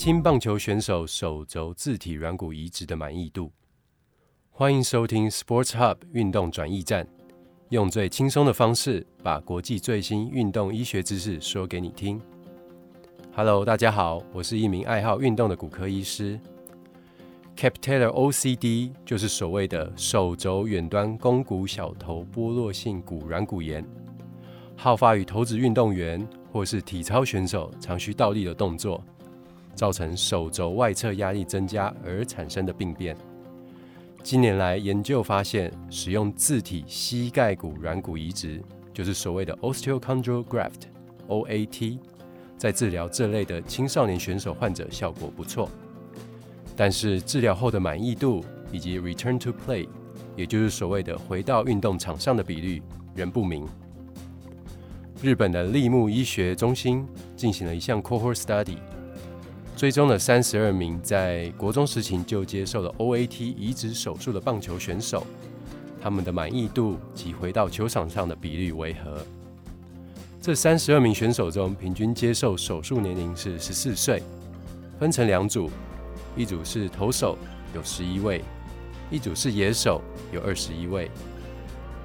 青棒球選手手肘自體軟骨移植的滿意度。歡迎收聽 Sports Hub 運動轉譯站，用最輕鬆的方式把國際最新運動醫學知識說給你聽。Hello，大家好，我是一名愛好運動的骨科醫師。Capitellar OCD 就是所謂的手肘遠端肱骨小頭剝落性骨軟骨炎，好發於投擲運動員或是體操選手常需倒立的動作。造成手肘外側壓力增加而產生的病變。近年來研究發現，使用自體膝蓋骨軟骨移植，就是所謂的 osteochondral graft (OAT)，在治療這類的青少年選手患者效果不錯。但是治療後的滿意度以及 return to play，也就是所謂的回到運動場上的比率仍不明。日本的立木醫學中心進行了一項 cohort study。追蹤了三十二名在國中時期就接受了 OAT 移植手術的棒球選手，他們的滿意度及回到球場上的比率為何？這三十二名選手中，平均接受手術年齡是十四歲，分成兩組，一組是投手，有十一位；一組是野手，有二十一位。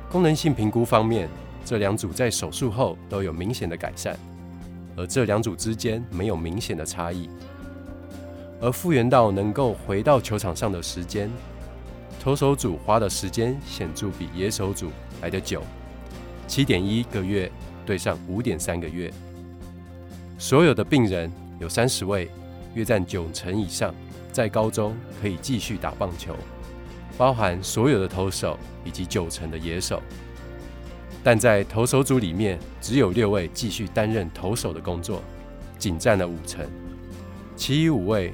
功能性評估方面，這兩組在手術後都有明顯的改善，而這兩組之間沒有明顯的差異。而復原到能夠回到球場上的時間，投手組花的時間顯著比野手組來得久，七點一個月對上五點三個月。所有的病人有三十位，約佔九成以上，在高中可以繼續打棒球，包含所有的投手以及九成的野手。但在投手組裡面，只有六位繼續擔任投手的工作，僅佔了五成，其餘五位。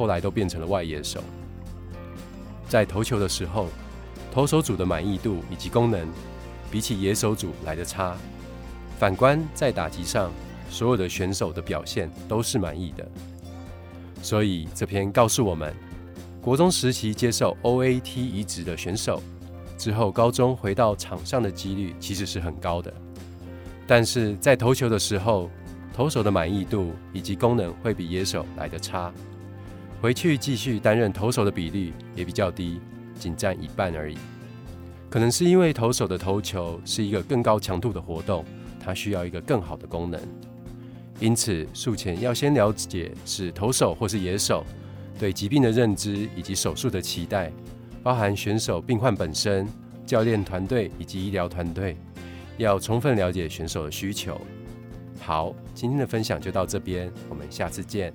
後來都變成了外野手，在投球的時候，投手組的滿意度以及功能，比起野手組來得差。反觀在打擊上，所有的選手的表現都是滿意的。所以這篇告訴我們，國中時期接受 OAT 移植的選手，之後高中回到場上的幾率其實是很高的。但是在投球的時候，投手的滿意度以及功能會比野手來得差。回去繼續擔任投手的比率，也比較低，僅占一半而已。可能是因為投手的投球是一個更高強度的活動，它需要一個更好的功能。因此，術前要先了解是投手或是野手對疾病的認知以及手術的期待，包含選手、病患本身、教練團隊以及醫療團隊，要充分了解選手的需求。好，今天的分享就到這邊，我們下次見。